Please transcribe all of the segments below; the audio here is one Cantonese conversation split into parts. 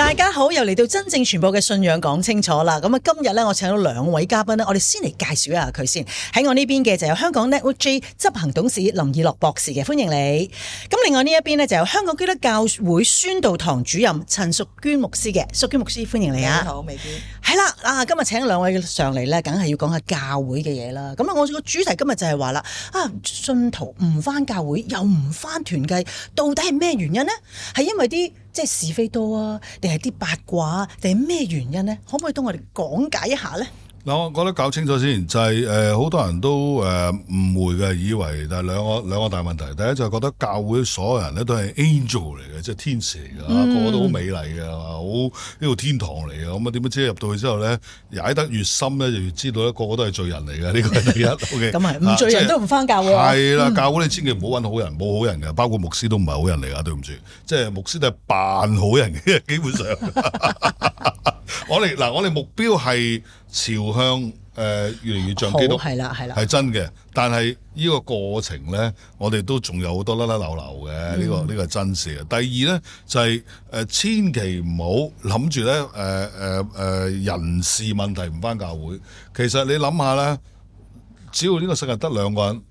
大家好，又嚟到真証傳播嘅信仰，講清楚啦。咁啊，今日咧，我請到兩位嘉賓咧，我哋先嚟介紹一下佢先。喺我呢邊嘅就係香港 Network J 執行董事林以諾博士嘅，歡迎你。咁另外呢一邊呢，就係香港基督教會宣道堂主任陳淑娟牧師嘅，淑娟牧師歡迎你啊。好，美娟。係啦，啊，今日請兩位上嚟呢，梗係要講下教會嘅嘢啦。咁啊，我個主題今日就係話啦，啊，信徒唔翻教會，又唔翻團契，到底係咩原因呢？係因為啲。即係是，是非多啊，定係啲八卦啊，定係咩原因咧？可唔可以同我哋講解一下咧？嗱，我覺得搞清楚先，就係誒好多人都誒、呃、誤會嘅，以為就係兩個兩個大問題。第一就係覺得教會所有人咧都係 angel 嚟嘅，即、就、係、是、天使嚟嘅、嗯，個個都好美麗嘅，好呢個天堂嚟嘅。咁啊，點解知入到去之後咧，踩得越深咧，就越知道咧，個個都係罪人嚟嘅。呢個係第一。咁、okay 嗯、啊，唔罪人都唔返教會、啊。係啦、就是，教會你千祈唔好揾好人，冇好人嘅，包括牧師都唔係好人嚟噶，對唔住。即、就、係、是、牧師都係扮好人嘅，基本上。 我哋嗱，我哋目標係朝向誒越嚟越像基督，係啦係啦，係真嘅。但係呢個過程咧，我哋都仲有好多甩甩流流嘅，呢個呢個係真事嘅。第二咧就係誒，千祈唔好諗住咧誒誒誒人事問題唔返教會。其實你諗下咧，只要呢個世界得兩個人。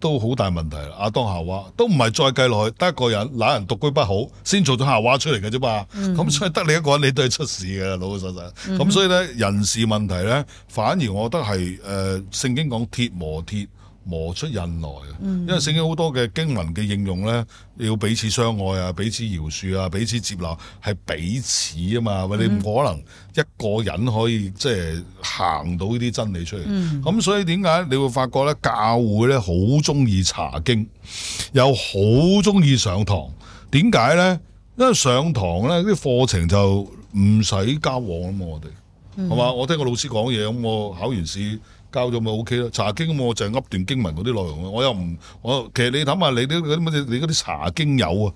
都好大問題啦！阿當夏娃都唔係，再計落去，得一個人，那人獨居不好，先做咗夏娃出嚟嘅啫嘛。咁、mm hmm. 所以得你一個人，你都係出事嘅，老老實實。咁、mm hmm. 所以咧人事問題咧，反而我覺得係誒、呃、聖經講鐵磨鐵磨出刃來啊。Mm hmm. 因為聖經好多嘅經文嘅應用咧，要彼此相愛啊，彼此饒恕啊，彼此接納，係彼此啊嘛。Mm hmm. 你唔可能一個人可以即係。行到呢啲真理出嚟，咁、嗯、所以點解你會發覺咧？教會咧好中意查經，又好中意上堂。點解咧？因為上堂咧啲課程就唔使交往啊嘛，我哋係嘛？我聽個老師講嘢，咁我考完試。交咗咪 O K 咯，查、OK、經，咁我就噏段經文嗰啲內容，我又唔我其實你諗下你啲嗰啲你啲查經友啊，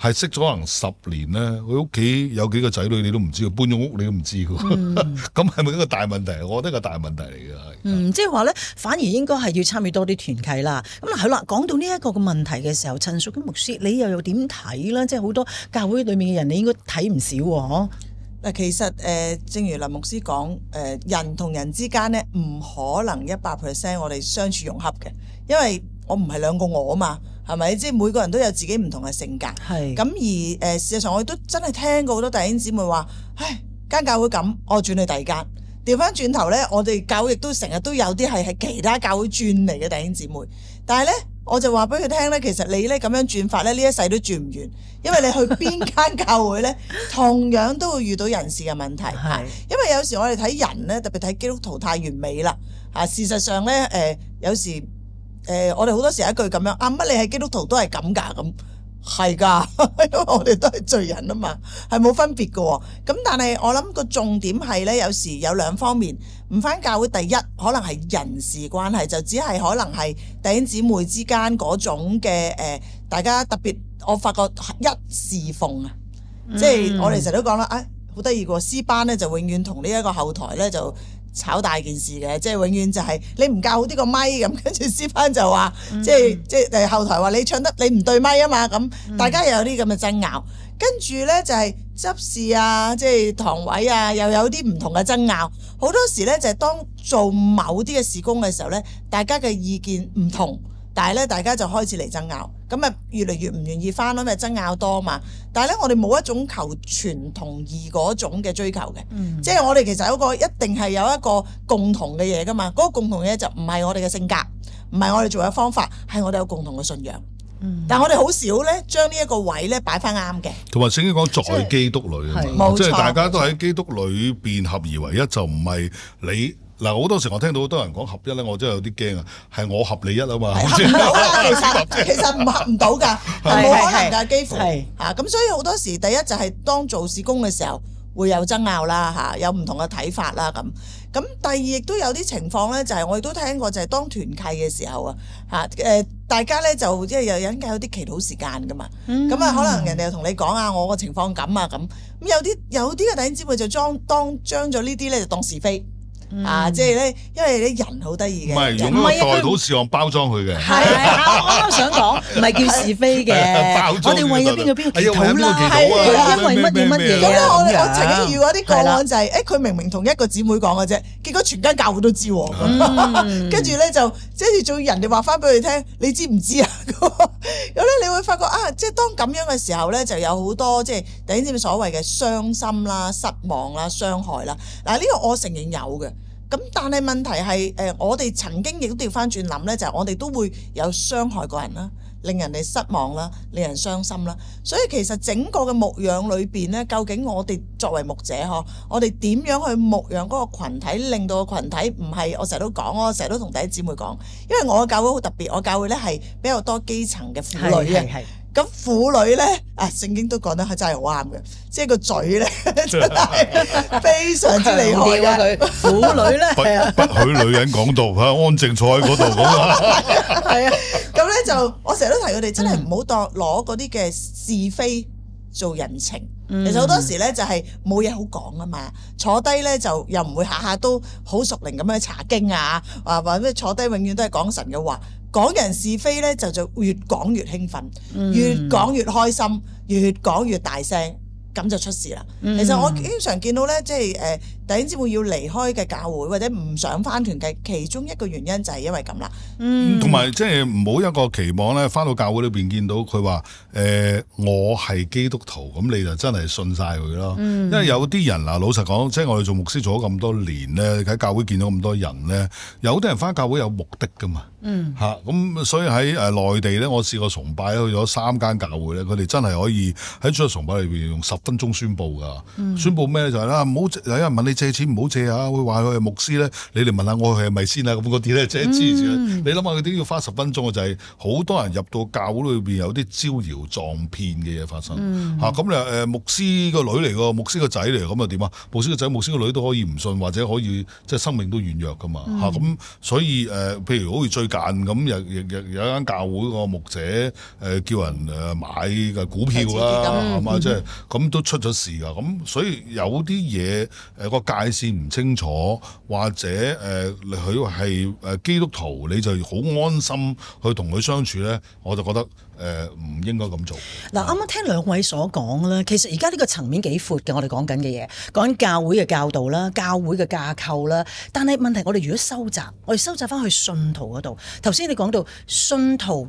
係識咗可能十年咧，佢屋企有幾個仔女你都唔知，搬咗屋你都唔知㗎，咁係咪一個大問題？我覺得個大問題嚟嘅。係。嗯，即係話咧，反而應該係要參與多啲團契啦。咁、嗯、啦，係啦，講到呢一個嘅問題嘅時候，陳淑娟牧師，你又有點睇咧？即係好多教會裡面嘅人，你應該睇唔少喎、啊。嗱，其實誒、呃，正如林牧師講，誒、呃，人同人之間咧，唔可能一百 percent 我哋相處融洽嘅，因為我唔係兩個我啊嘛，係咪？即係每個人都有自己唔同嘅性格，咁是而誒、呃，事實上我亦都真係聽過好多弟兄姊妹話，唉，間教會咁，我轉去第二間。調翻轉頭咧，我哋教會亦都成日都有啲係喺其他教會轉嚟嘅弟兄姊妹，但係咧。我就話俾佢聽咧，其實你咧咁樣轉法咧，呢一世都轉唔完，因為你去邊間教會咧， 同樣都會遇到人事嘅問題。係， 因為有時我哋睇人咧，特別睇基督徒太完美啦。啊，事實上咧，誒、呃，有時誒、呃，我哋好多時候一句咁樣，啊，乜你係基督徒都係咁噶咁。係噶，因為我哋都係罪人啊嘛，係冇分別嘅。咁但係我諗個重點係咧，有時有兩方面唔返教會。第一，可能係人事關係，就只係可能係弟兄姊妹之間嗰種嘅，誒，大家特別我發覺一侍奉啊，嗯、即係我哋成日都講啦，啊好得意個詩班咧，就永遠同呢一個後台咧就。炒大件事嘅，即係永遠就係你唔教好啲個咪。咁，跟住師翻就話，即係即係後台話你唱得你唔對咪啊嘛，咁，大家又有啲咁嘅爭拗，跟住呢就係執事啊，即係堂委啊，又有啲唔同嘅爭拗，好多時呢，就係當做某啲嘅事工嘅時候呢，大家嘅意見唔同。但係咧，大家就開始嚟爭拗，咁啊越嚟越唔願意返咯，咪爭拗多嘛。但係咧，我哋冇一種求全同意嗰種嘅追求嘅，嗯、即係我哋其實有一個一定係有一個共同嘅嘢噶嘛。嗰、嗰個共同嘅嘢就唔係我哋嘅性格，唔係我哋做嘅方法，係我哋有共同嘅信仰。嗯、但我哋好少咧將呢一個位咧擺返啱嘅。同埋聖經講在基督裏，即係大家都喺基督裏邊合而為一，就唔係你。嗱，好多時我聽到好多人講合一咧，我真係有啲驚啊！係我合你一啊嘛， 其實其實合唔到㗎，冇 可能㗎，幾乎係嚇咁。所以好多時第一就係、是、當做事工嘅時候會有爭拗啦嚇，有唔同嘅睇法啦咁。咁第二亦都有啲情況咧，就係、是、我亦都聽過，就係、是、當團契嘅時候啊嚇誒，大家咧就即係有陣間有啲祈禱時間㗎嘛，咁啊、嗯嗯、可能人哋又同你講啊，我個情況咁啊咁咁有啲有啲嘅弟兄姊妹就裝當將咗呢啲咧就當是，是非。啊，即係咧，因為啲人好得意嘅，唔係用個代禱事項包裝佢嘅，係係 啊，我都想講，唔係叫是非嘅，包、 啊、裝佢嘅，我哋、啊、為咗邊個邊個祈禱啦、啊，係係、啊、為乜嘢乜嘢？咁咧、啊，我我曾經遇到一啲個案就係、是，誒佢、啊、明明同一個姊妹講嘅啫，結果全家教會都知喎，跟住咧就即係仲要人哋話翻俾佢聽，你知唔知啊？咁 咧你會發覺啊，即係當咁樣嘅時候咧，就有好多即係第一啲所謂嘅傷心啦、失望啦、傷害啦。嗱呢個我承認有嘅。咁但係問題係誒，我哋曾經亦都調翻轉諗呢，就係我哋都會有傷害過人啦，令人哋失望啦，令人傷心啦。所以其實整個嘅牧養裏邊呢，究竟我哋作為牧者呵，我哋點樣去牧養嗰個羣體，令到個羣體唔係我成日都講，我成日都同弟兄姊妹講，因為我嘅教會好特別，我教會呢係比較多基層嘅婦女嘅。咁婦女咧，啊聖經都講得係真係好啱嘅，即係個嘴咧真係非常之厲害嘅。婦女咧，係啊，不許女人講道，喺安靜坐喺嗰度咁啊，係啊。咁咧就我成日都提佢哋，真係唔好當攞嗰啲嘅是非。做人情，其實好多時咧就係冇嘢好講啊嘛，坐低咧就又唔會下下都好屬靈咁樣查經啊，或或者坐低永遠都係講神嘅話，講人是非咧就就越講越興奮，越講越開心，越講越大聲。咁就出事啦。Mm hmm. 其實我經常見到咧，即係誒突然之間要離開嘅教會，或者唔想返團嘅，其中一個原因就係因為咁啦。嗯、mm，同、hmm. 埋即係唔好一個期望咧，返到教會裏邊見到佢話誒我係基督徒，咁你就真係信晒佢咯。Mm hmm. 因為有啲人嗱，老實講，即係我哋做牧師做咗咁多年咧，喺教會見到咁多人咧，有啲人返教會有目的㗎嘛。嗯、mm，吓、hmm. 咁、啊、所以喺誒內地咧，我試過崇拜去咗三間教會咧，佢哋真係可以喺出嚟崇拜裏邊用十分鐘宣佈噶，宣佈咩就係、是、啦，唔、啊、好有人問你借錢唔好借啊，會話佢係牧師咧，你嚟問下我係咪先啊，咁嗰啲咧，即係知住。嗯、你諗下佢點要花十分鐘啊，就係、是、好多人入到教會裏邊有啲招搖撞騙嘅嘢發生。嚇咁咧誒，牧師個女嚟個，牧師個仔嚟，咁又點啊？牧師個仔、牧師個女都可以唔信，或者可以即係、就是、生命都軟弱噶嘛嚇咁。嗯啊、所以誒、呃，譬如好似最近咁，又有，有，有一間教會個牧者誒叫人誒買嘅股票啦，係咪即係咁？嗯嗯都出咗事噶，咁所以有啲嘢，誒、呃、個界線唔清楚，或者誒佢係誒基督徒，你就好安心去同佢相處咧，我就覺得誒唔、呃、應該咁做。嗱，啱啱聽兩位所講啦，其實而家呢個層面幾闊嘅，我哋講緊嘅嘢，講緊教會嘅教導啦、教會嘅架構啦，但係問題我哋如果收窄，我哋收窄翻去信徒嗰度，頭先你講到信徒。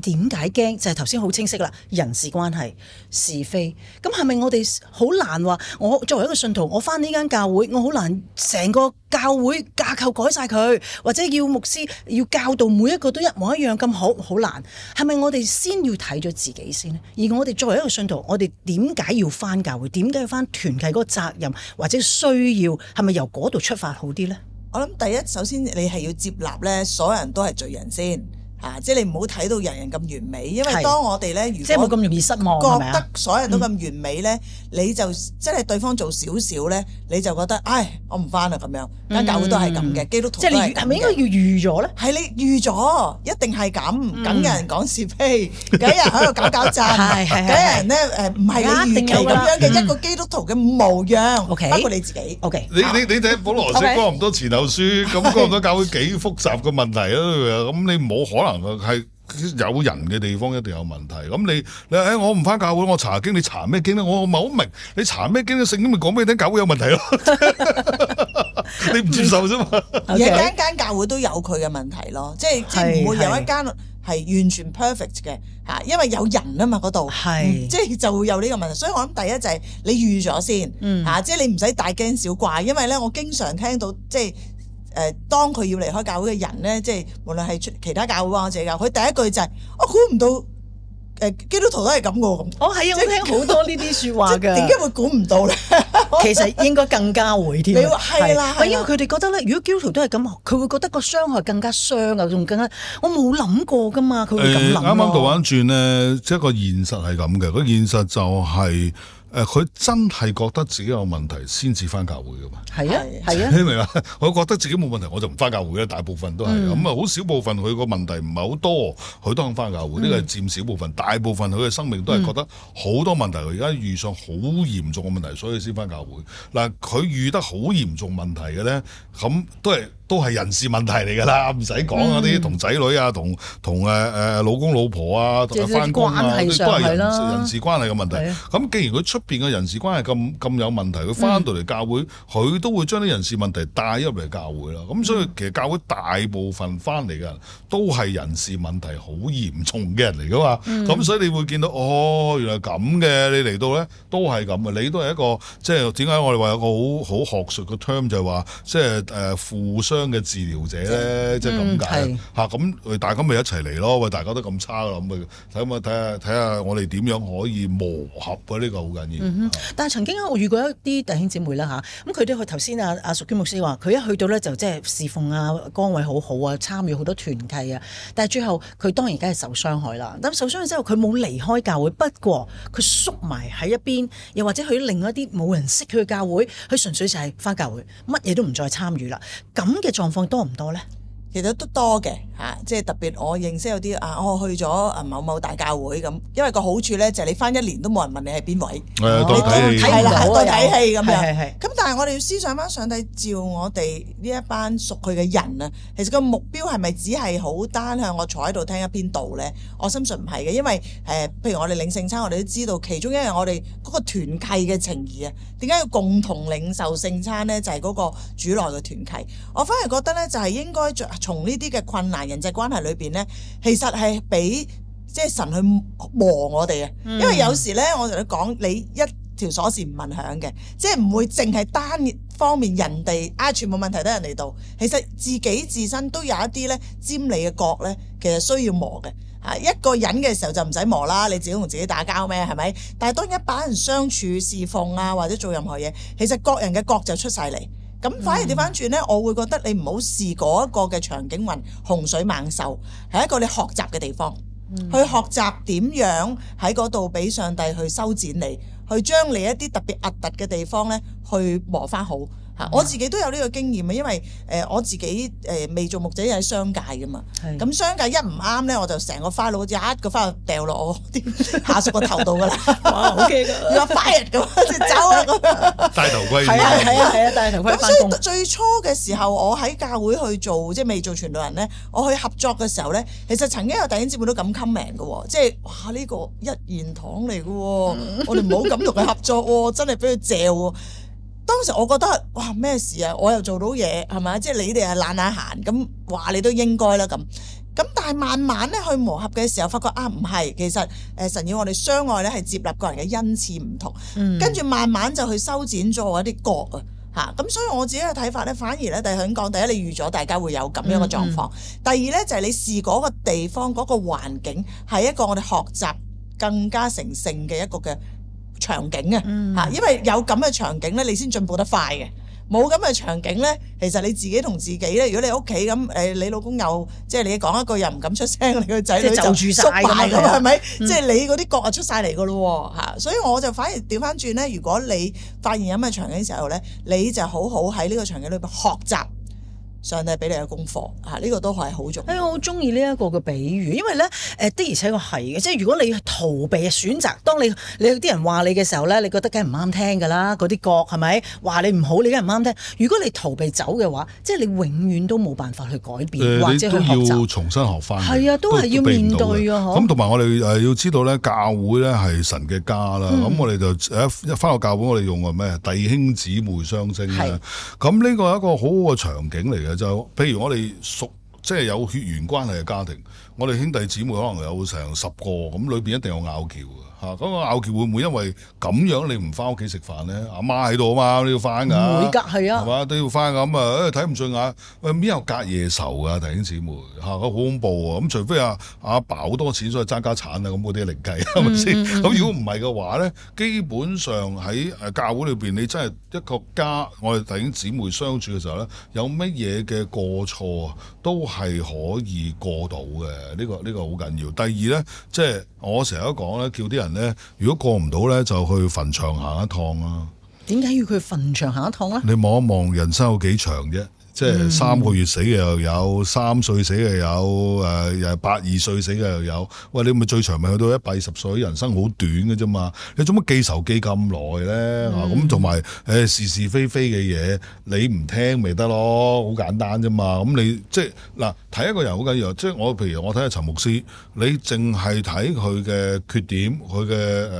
點解驚？就係頭先好清晰啦，人事關係是非。咁係咪我哋好難話，我作為一個信徒，我返呢間教會，我好難成個教會架構改晒佢，或者要牧師要教導每一個都一模一樣咁，好好難。係咪我哋先要睇咗自己先呢？而我哋作為一個信徒，我哋點解要返教會？點解要返團契嗰個責任或者需要？係咪由嗰度出發好啲呢？我諗第一，首先你係要接納呢，所有人都係罪人先。啊！即係你唔好睇到人人咁完美，因為當我哋咧，如果即係冇咁容易失望，覺得所有人都咁完美咧，你就即係對方做少少咧，你就覺得唉，我唔返啦咁樣。間教會都係咁嘅，基督徒都係咁嘅。係咪應該要預咗咧？係你預咗，一定係咁。咁嘅人講是非，咁嘅人喺度搞搞震，咁嘅人咧誒，唔係預期咁樣嘅一個基督徒嘅模樣。O K，包括你自己。O K，你你你睇保羅書，講咁多前後書，咁講咁多教會幾複雜嘅問題啦。咁你冇可能。係有人嘅地方一定有問題，咁你你誒、欸，我唔翻教會，我查經，你查咩經咧？我唔係好明，你查咩經咧？聖經咪講俾你聽？教會有問題咯，呵呵 你唔接受啫嘛？而間間教會都有佢嘅問題咯，即係即係唔會有一間係完全 perfect 嘅吓，因為有人啊嘛，嗰度係，即係、嗯、就會有呢個問題。所以我諗第一就係你預咗先預，吓、嗯，即係你唔使大驚小怪，因為咧我經常聽到即係。誒，當佢要離開教會嘅人咧，即係無論係出其他教會或者教佢第一句就係、是，我估唔到誒基督徒都係咁嘅咁。哦，係啊，是我聽好多呢啲説話嘅。點解會估唔到咧？其實應該更加會添。係啦，係的的因為佢哋覺得咧，如果基督徒都係咁，佢會覺得個傷害更加傷啊，仲更加我冇諗過㗎嘛。佢會咁諗。啱啱讀完轉咧，即係個現實係咁嘅。個現實就係、是。誒，佢、呃、真係覺得自己有問題先至返教會㗎嘛？係啊，係啊，你明嘛？我覺得自己冇問題，我就唔返教會啦。大部分都係咁啊，好少、嗯、部分佢個問題唔係好多，佢都肯返教會。呢個係佔少部分，嗯、大部分佢嘅生命都係覺得好多問題。佢而家遇上好嚴重嘅問題，所以先返教會。嗱、呃，佢遇得好嚴重問題嘅咧，咁都係。都係人事問題嚟㗎啦，唔使講嗰啲同仔女啊，同同誒誒老公老婆啊，同埋返工都係人，人事關係嘅問題。咁的既然佢出邊嘅人事關係咁咁有問題，佢翻到嚟教會，佢、嗯、都會將啲人事問題帶入嚟教會啦。咁所以其實教會大部分翻嚟嘅人都係人事問題好嚴重嘅人嚟㗎嘛。咁、嗯、所以你會見到哦，原來咁嘅，你嚟到咧都係咁嘅。你都係一個即係點解我哋話有個好好學術嘅 term 就係話即係誒互相嘅治療者咧，即係咁解吓，咁是，大家咪一齊嚟咯。喂，大家都咁差啦，咁咪睇下睇下，睇下我哋點樣可以磨合嘅呢，呢個好緊要。嗯、但係曾經我遇過一啲弟兄姊妹啦吓，咁佢都去頭先啊啊，淑娟牧師話佢一去到咧就即係侍奉啊崗位好好啊，參與好多團契啊。但係最後佢當然梗係受傷害啦。咁受傷害之後，佢冇離開教會，不過佢縮埋喺一邊，又或者佢另一啲冇人識佢嘅教會，佢純粹就係返教會，乜嘢都唔再參與啦。咁嘅狀況多唔多咧？其實都多嘅嚇，即係特別我認識有啲啊，我去咗某某大教會咁，因為個好處咧就係你返一年都冇人問你係邊位，哦、你都睇唔到睇戲咁樣。咁、嗯、但係我哋要思想返上帝召，我哋呢一班屬佢嘅人啊，其實個目標係咪只係好單向我坐喺度聽一篇道呢？我深信唔係嘅，因為誒，譬如我哋領聖餐，我哋都知道其中一樣我哋嗰個團契嘅情誼啊，點解要共同領受聖餐呢？就係、是、嗰個主內嘅團契。我反而覺得呢，就係應該從呢啲嘅困難人際關係裏邊呢，其實係俾即係神去磨我哋嘅，嗯、因為有時呢，我同你講，你一條鎖匙唔問響嘅，即係唔會淨係單方面人哋啊，全部問題都人哋度，其實自己自身都有一啲呢，尖利嘅角呢，其實需要磨嘅啊。一個人嘅時候就唔使磨啦，你自己同自己打交咩？係咪？但係當一班人相處、侍奉啊，或者做任何嘢，其實各人嘅角就出晒嚟。咁反而掉翻轉呢，我會覺得你唔好視嗰一個嘅場景為洪水猛獸，係一個你學習嘅地方，去學習點樣喺嗰度俾上帝去修剪你，去將你一啲特別壓突嘅地方呢，去磨翻好。我自己都有呢個經驗啊，因為誒我自己誒未做牧者，喺商界噶嘛。咁商界一唔啱咧，我就成個花佬，一個花掉落我啲下屬個頭度噶啦。哇，OK 嘅，又 fire 咁，走啊！戴頭盔係啊係啊啊。戴頭盔翻工。最初嘅時候，我喺教會去做，即係未做傳道人咧，我去合作嘅時候咧，其實曾經有弟兄姊妹都咁 comment 嘅喎，即係哇呢個一言堂嚟嘅喎，我哋唔好咁同佢合作喎，真係俾佢嚼喎。當時我覺得哇咩事啊，我又做到嘢係咪？即係你哋係懶懶閒，咁話你都應該啦咁。咁但係慢慢咧去磨合嘅時候，發覺啊唔係，其實誒神要我哋相愛咧係接納個人嘅恩賜唔同，跟住、嗯、慢慢就去修剪咗我一啲角啊嚇。咁所以我自己嘅睇法咧，反而咧，第響講第一你預咗大家會有咁樣嘅狀況，嗯嗯第二咧就係、是、你試嗰個地方嗰、那個環境係一個我哋學習更加成聖嘅一個嘅。場景啊，嚇、嗯！因為有咁嘅場景咧，你先進步得快嘅。冇咁嘅場景咧，其實你自己同自己咧，如果你屋企咁誒，你老公又即係你講一句又唔敢出聲，你個仔女就，失就住埋咁，係咪？即係你嗰啲角啊出晒嚟㗎咯，嚇、嗯！所以我就反而調翻轉咧，如果你發現有咩場景時候咧，你就好好喺呢個場景裏邊學習。上帝俾你嘅功課，嚇、啊、呢、這個都係好重要、哎。我好中意呢一個嘅比喻，因為咧，誒、嗯、的而且確係嘅，即係如果你逃避選擇，當你你有啲人話你嘅時候咧，你覺得梗係唔啱聽㗎啦，嗰啲角係咪話你唔好，你梗係唔啱聽。如果你逃避走嘅話，即係你永遠都冇辦法去改變、呃、或者也要學習。要重新學翻係啊，都係要面對啊。咁同埋我哋誒要知道咧，教會咧係神嘅家啦。咁我哋就誒返到教會，我哋用個咩？弟兄姊妹相稱。咁呢個係一個好好嘅場景嚟嘅。就譬如我哋熟。即係有血緣關係嘅家庭，我哋兄弟姊妹可能有成十個咁，裏邊一定有拗撬嘅嚇。嗰個拗撬會唔會因為咁樣你唔翻屋企食飯咧？阿媽喺度啊嘛，你要翻㗎。唔會係啊。係嘛，都要翻咁啊！誒、哎，睇唔順眼，喂、啊，邊有隔夜仇啊？弟兄姊妹吓、啊，好恐怖啊！咁、啊、除非阿、啊、阿、啊、爸好多錢所以爭家產啊，咁嗰啲另計，係咪先？咁如果唔係嘅話咧，基本上喺誒教會裏邊，你真係一個家，我哋弟兄姊妹相處嘅時候咧，有乜嘢嘅過錯啊，都～係可以過到嘅，呢個呢個好緊要。第二呢，即係我成日都講呢，叫啲人呢，如果過唔到呢，就去墳場行一趟啊。點解要去墳場行一趟呢？你望一望人生有幾長啫啊。即係三個月死嘅又有，三歲死嘅又有，誒、呃、又八二歲死嘅又有。喂，你咪最長咪去到一百二十歲，人生好短嘅啫嘛。你做乜記仇記咁耐咧？咁同埋誒是是非非嘅嘢，你唔聽咪得咯？好簡單啫嘛。咁、嗯、你即係嗱睇一個人好緊要，即係我譬如我睇下陳牧師，你淨係睇佢嘅缺點，佢嘅誒誒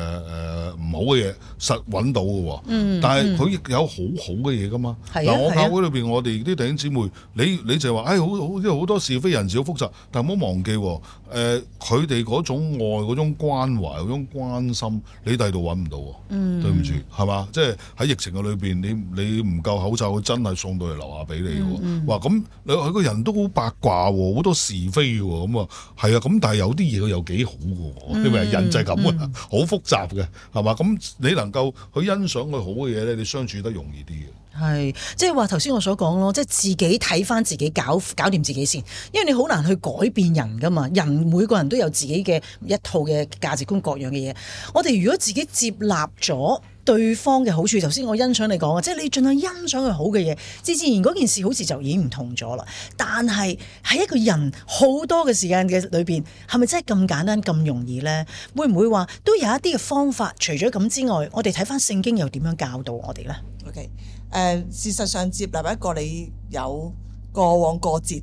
唔好嘅嘢，實揾到嘅喎。但係佢亦有好好嘅嘢噶嘛？嗱、嗯嗯，我教會裏邊我哋啲兄弟姊妹，你你就話，哎，好好即係好多是非人事好複雜，但係唔好忘記，誒、呃，佢哋嗰種愛、嗰種關懷、嗰種關心，你喺度揾唔到，對唔住，係嘛、嗯？即係喺疫情嘅裏邊，你你唔夠口罩，真係送到嚟樓下俾你嘅。話咁、嗯，佢、嗯、個人都好八卦，好多是非，咁啊，係啊，咁但係有啲嘢佢又幾好嘅，因為人就係咁啊，好、嗯嗯、複雜嘅，係嘛？咁你能夠去欣賞佢好嘅嘢咧，你相處得容易啲嘅。係，即係話頭先我所講咯，即係自己睇翻，自己搞搞掂自己先，因為你好難去改變人噶嘛，人每個人都有自己嘅一套嘅價值觀各樣嘅嘢。我哋如果自己接納咗對方嘅好處，頭先我欣賞你講，即係你盡量欣賞佢好嘅嘢，自自然嗰件事好似就已經唔同咗啦。但係喺一個人好多嘅時間嘅裏邊，係咪真係咁簡單咁容易呢？會唔會話都有一啲嘅方法？除咗咁之外，我哋睇翻聖經又點樣教導我哋呢？OK。誒事實上接納一個你有過往過節，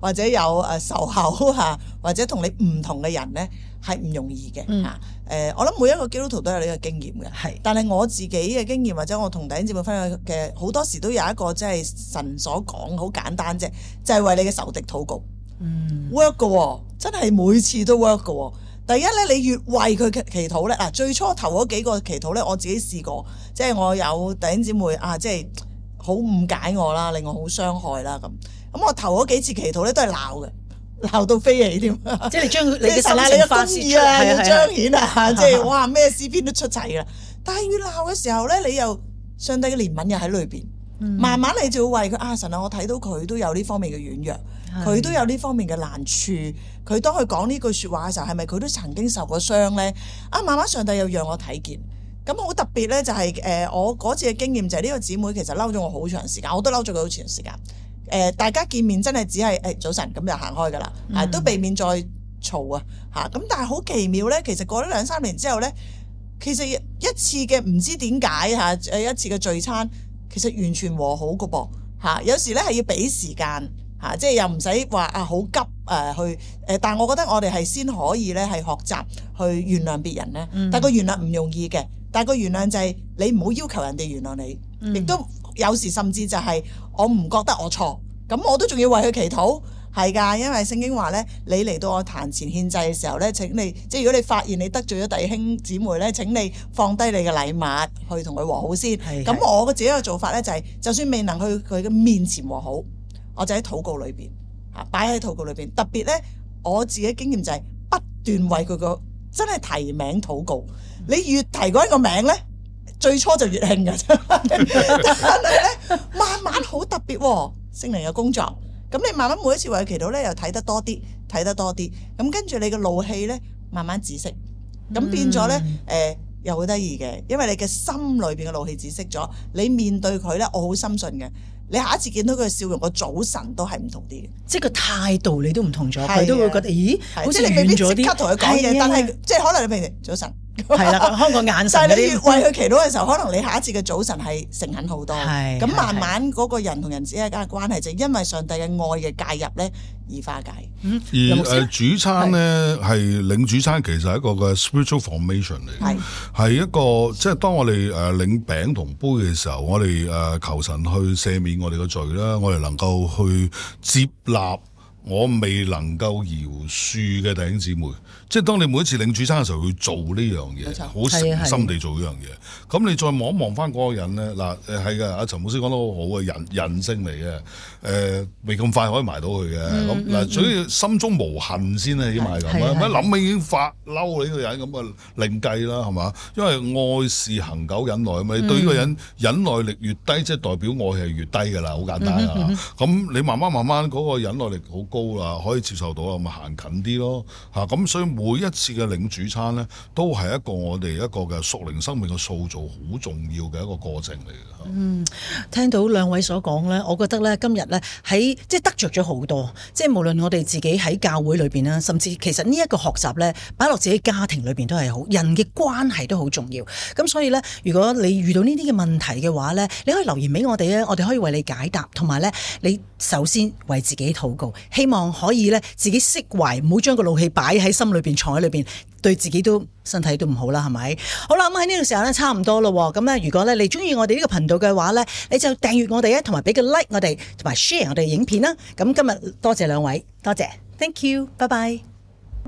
或者有誒仇口嚇，或者同你唔同嘅人咧，係唔容易嘅嚇。誒、嗯、呃，我諗每一個基督徒都有呢個經驗嘅，是但係我自己嘅經驗或者我同弟兄姊妹分享嘅好多時都有一個即係神所講好簡單啫，就係、是、為你嘅仇敵禱告、嗯、work 嘅，真係每次都 work 嘅。第一咧，你越為佢祈禱咧，啊，最初投嗰幾個祈禱咧，我自己試過，即係我有弟兄姊妹啊，即係好誤解我啦，令我好傷害啦咁。咁我投嗰幾次祈禱咧，都係鬧嘅，鬧到飛起添。即係將你嘅心意發泄出嚟，要彰顯啊！是是是即係哇，咩事邊都出齊㗎。但係越鬧嘅時候咧，你又上帝嘅憐憫又喺裏邊。嗯、慢慢你就會為佢啊，神啊、呃，我睇到佢都有呢方面嘅軟弱。佢都有呢方面嘅難處。佢當佢講呢句説話嘅時候，係咪佢都曾經受過傷呢？啊，慢慢上帝又讓我睇見咁好特別呢、就是，就係誒，我嗰次嘅經驗就係、是、呢、呢個姊妹其實嬲咗我好長時間，我都嬲咗佢好長時間。誒、呃，大家見面真係只係誒、哎、早晨咁就行開㗎啦、啊，都避免再嘈啊嚇。咁但係好奇妙呢，其實過咗兩三年之後呢，其實一次嘅唔知點解嚇一次嘅聚餐，其實完全和好個噃嚇。有時呢，係要俾時間。嚇，即係又唔使話啊！好急誒，去誒，但係我覺得我哋係先可以咧，係學習去原諒別人咧。嗯、但係個原諒唔容易嘅，但係個原諒就係你唔好要，要求人哋原諒你，亦、嗯、都有時甚至就係我唔覺得我錯，咁我都仲要為佢祈禱，係㗎。因為聖經話咧，你嚟到我壇前獻祭嘅時候咧，請你即係如果你發現你得罪咗弟兄姊妹咧，請你放低你嘅禮物去同佢和好先。咁的我嘅自己嘅做法咧、就係，就係就算未能去佢嘅面前和好。我就喺禱告裏邊，擺喺禱告裏邊。特別咧，我自己經驗就係不斷為佢個真係提名禱告。你越提嗰個名咧，最初就越興噶。但係咧， 慢慢好特別、哦，聖靈嘅工作。咁你慢慢每一次為佢祈禱咧，又睇得多啲，睇得多啲。咁跟住你嘅怒氣咧，慢慢止息。咁變咗咧，誒、嗯。又好得意嘅，因為你嘅心裏邊嘅怒氣止息咗，你面對佢咧，我好深信嘅。你下一次見到佢嘅笑容個早晨都係唔同啲嘅，即係個態度你都唔同咗，佢是、啊、都會覺得咦，好似你遠咗啲。你未必即刻同佢講嘢，係是啊但，但係即係可能你未早晨。係啦，開個眼神。 但係你為佢祈禱嘅時候，可能你下一次嘅早晨係誠懇好多。係，咁慢慢嗰個人同人之間嘅關係，就因為上帝嘅愛嘅介入咧而化解。嗯，而誒主餐咧係是領主餐，其實係一個嘅 spiritual formation 嚟嘅。係是，係一個即係當我哋誒領餅同杯嘅時候，我哋誒求神去赦免我哋嘅罪啦，我哋能夠去接納。我未能夠饒恕嘅弟兄姊妹，即係當你每一次領主餐嘅時候去做呢樣嘢，好誠心地做呢樣嘢。咁你再望一望翻嗰個人咧，嗱誒係嘅，阿陳牧師講得好嘅，人人性嚟嘅，誒未咁快可以埋到佢嘅。咁嗱，所以心中無恨先起碼係咁啊！一諗起已經發嬲呢個人咁啊，另計啦，係嘛？因為愛是恒久忍耐，咪對呢個人忍耐力越低，即係代表愛係越低嘅啦，好簡單啊！咁你慢慢慢慢嗰個忍耐力好高啦，可以接受到啦，咪行近啲咯嚇。咁所以每一次嘅領主餐呢，都係一個我哋一個嘅屬靈生命嘅塑造，好重要嘅一個過程嚟嘅。嗯，聽到兩位所講呢，我覺得呢，今日呢，喺即係得着咗好多。即係無論我哋自己喺教會裏邊啦，甚至其實呢一個學習呢，擺落自己家庭裏邊都係好人嘅關係都好重要。咁所以呢，如果你遇到呢啲嘅問題嘅話呢，你可以留言俾我哋咧，我哋可以為你解答，同埋呢，你首先為自己禱告。希望可以咧，自己釋懷，唔好將個怒氣擺喺心裏邊，藏喺裏邊，對自己都身體都唔好啦，係咪？好啦，咁喺呢個時候咧，差唔多咯。咁咧，如果咧你中意我哋呢個頻道嘅話咧，你就訂閱我哋咧，同埋俾個 like 我哋，同埋 share 我哋嘅影片啦。咁今日多謝兩位，多謝，thank you，拜拜。